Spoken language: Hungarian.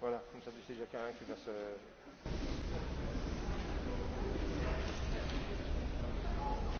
voilà comme ça tu sais chacun qui va se